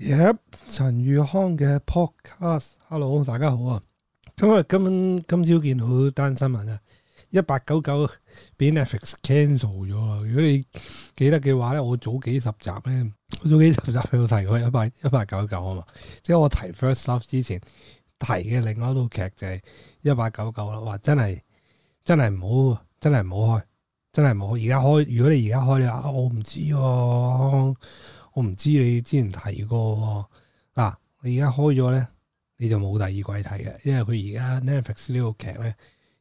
耶！陳宇、yep, 康嘅 podcast，hello，大家好啊。今日今今朝見到單新聞啊，一八九九俾 Netflix cancel 咗啊。如果你記得嘅話咧，我早幾十集咧，早幾十集有提過一八一八九九啊嘛。即係我提 first love 之前提嘅另外一套劇就係一八九九啦，話真係真係唔好，真係唔好開，真係唔好。而家開，如果你而家開你話，我唔知、啊。我唔知你之前提過嗱、哦啊，你而家開咗咧，你就冇第二季睇嘅，因為佢而家 Netflix 呢個劇咧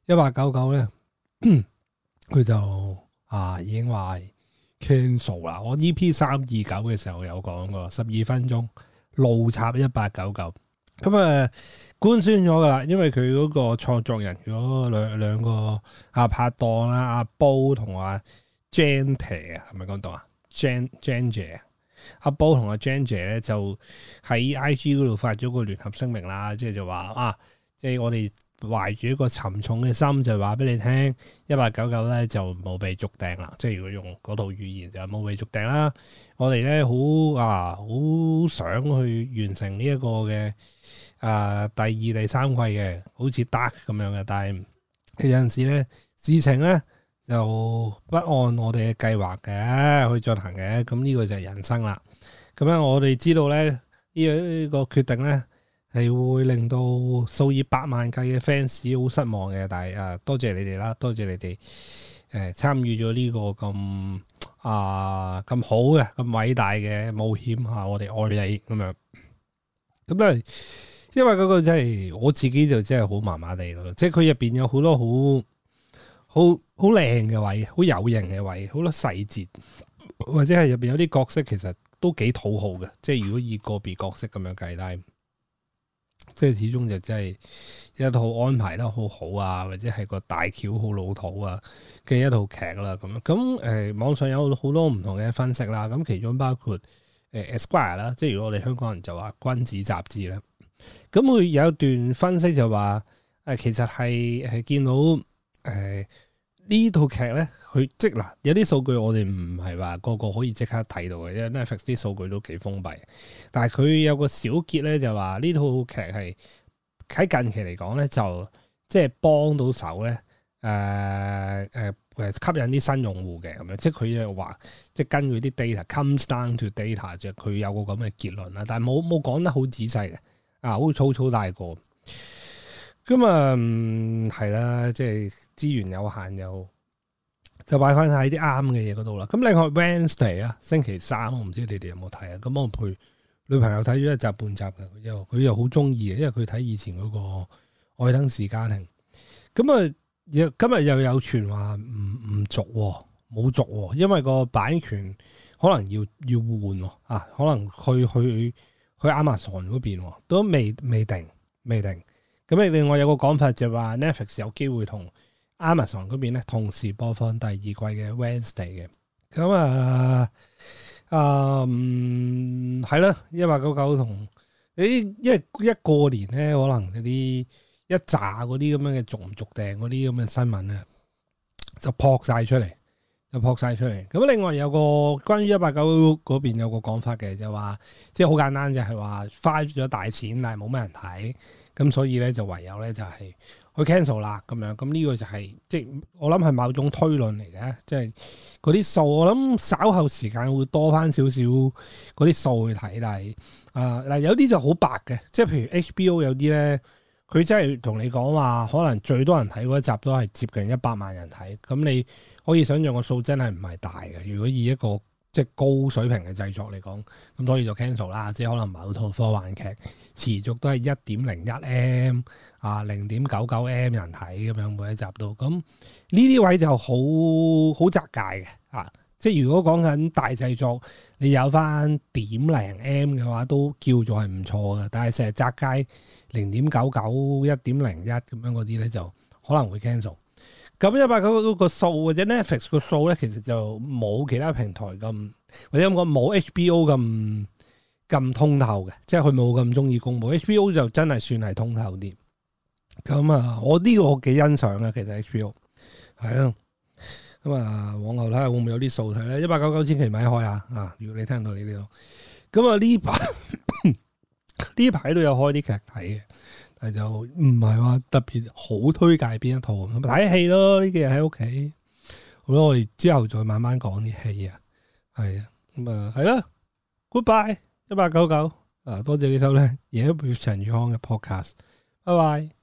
一八九九咧，佢就啊已經話 cancel 啦。我 EP 三二九嘅時候有講過，十二分鐘路插一八九九，咁、嗯、啊、呃、官宣咗噶啦，因為佢嗰個創作人嗰兩兩個阿、啊、拍檔啦、啊，阿布同阿 Jenya 係咪咁講啊，啊 enter, 係咪講到 Gen, Gen j e、er、n j e n 阿波同阿 j i n 咧就喺 IG 嗰度發咗個聯合聲明啦，即係就話啊，即係我哋懷住一個沉重嘅心，就話俾你聽，一八九九咧就冇被續訂啦。即係如果用嗰套語言就冇被續訂啦。我哋咧好啊，好想去完成呢一個嘅誒、啊、第二第三季嘅，好似 Dark 咁樣嘅。但係有陣時咧事情咧。就不按我哋嘅計劃嘅去進行嘅，咁呢個就係人生啦。咁樣我哋知道咧，呢個呢個決定咧係會令到數以百萬計嘅 fans 好失望嘅。但係啊、呃，多謝你哋啦，多謝你哋誒參與咗呢個咁啊咁好嘅、咁偉大嘅冒險吓，我哋愛你咁樣。咁啊，因為嗰個真係我自己就真係好麻麻地咯，即係佢入邊有好多好。好好靚嘅位，好有型嘅位，好多細節，或者係入邊有啲角色，其實都幾討好嘅。即係如果以個別角色咁樣計，但即係始終就真係一套安排得好好啊，或者係個大橋好老土啊，嘅一套劇啦咁樣。咁誒、呃，網上有好多唔同嘅分析啦。咁其中包括誒《Esquire》啦，即係如果我哋香港人就話《君子雜誌》啦。咁佢有一段分析就話誒、呃，其實係係見到。誒，呃、呢套劇咧，佢即嗱、呃、有啲數據我哋唔係話個個可以即刻睇到嘅，因為 Netflix 啲數據都幾封閉。但係佢有個小結咧，就話呢套劇係喺近期嚟講咧，就即係幫到手咧，誒誒誒，吸引啲新用戶嘅咁樣。即係佢又話，即係根據啲 data comes down to data，就佢有個咁嘅結論啦。但係冇冇講得好仔細嘅，啊，好粗粗大過。咁啊，係啦、嗯，即係資源有限有，又就擺翻晒啲啱嘅嘢嗰度啦。咁另外 Wednesday 啊，星期三，我唔知你哋有冇睇啊？咁我陪女朋友睇咗一集半集嘅，又佢又好中意嘅，因為佢睇以前嗰個《愛登士家庭》。咁啊，今日又有傳話唔唔續，冇續、哦哦，因為個版權可能要要換、哦、啊，可能去去去 Amazon 嗰邊都未未定，未定。咁啊，另外有個講法就話 Netflix 有機會同 Amazon 嗰邊咧同時播放第二季嘅 Wednesday 嘅。咁啊，嗯，係、嗯嗯、啦，欸、一八九九同誒，因為一過年咧，可能嗰啲一紮嗰啲咁樣嘅續唔續訂嗰啲咁嘅新聞咧，就撲晒出嚟，就撲晒出嚟。咁另外有個關於一八九九嗰邊有個講法嘅、就是，就話即係好簡單，就係話花咗大錢，但係冇咩人睇。咁所以咧就唯有咧就係、是、去 cancel 啦，咁樣，咁、嗯、呢、這個就係、是、即係我諗係某種推論嚟嘅，即係嗰啲數我諗稍後時間會多翻少少嗰啲數去睇，但係啊嗱有啲就好白嘅，即係譬如 HBO 有啲咧，佢真係同你講話，可能最多人睇嗰一集都係接近一百萬人睇，咁你可以想象個數真係唔係大嘅，如果以一個。即係高水平嘅製作嚟講，咁所以就 cancel 啦。即係可能某套科幻劇持續都係一點零一 M 啊，零點九九 M 人睇咁樣，每一集都咁呢啲位就好好窄界嘅啊！即係如果講緊大製作，你有翻點零 M 嘅話，都叫咗係唔錯嘅。但係成日窄界，零點九九、一點零一咁樣嗰啲咧，就可能會 cancel。咁一八九九個數或者 Netflix 個數咧，其實就冇其他平台咁，或者我冇 HBO 咁咁通透嘅，即係佢冇咁中意公布。HBO 就真係算係通透啲。咁啊，我呢個我幾欣賞啊，其實 HBO 係咯。咁啊，往後睇下會唔會有啲數睇咧？一八九九千祈咪開下啊！啊，如果你聽到你呢度，咁啊呢排呢排都有開啲劇睇嘅。係就唔係話特別好推介邊一套，睇戲咯，呢幾日喺屋企，咁我哋之後再慢慢講啲戲啊，係啊，咁啊係啦，Goodbye，一八九九，啊多謝收聽呢首咧，夜與陳宇康嘅 podcast，拜拜。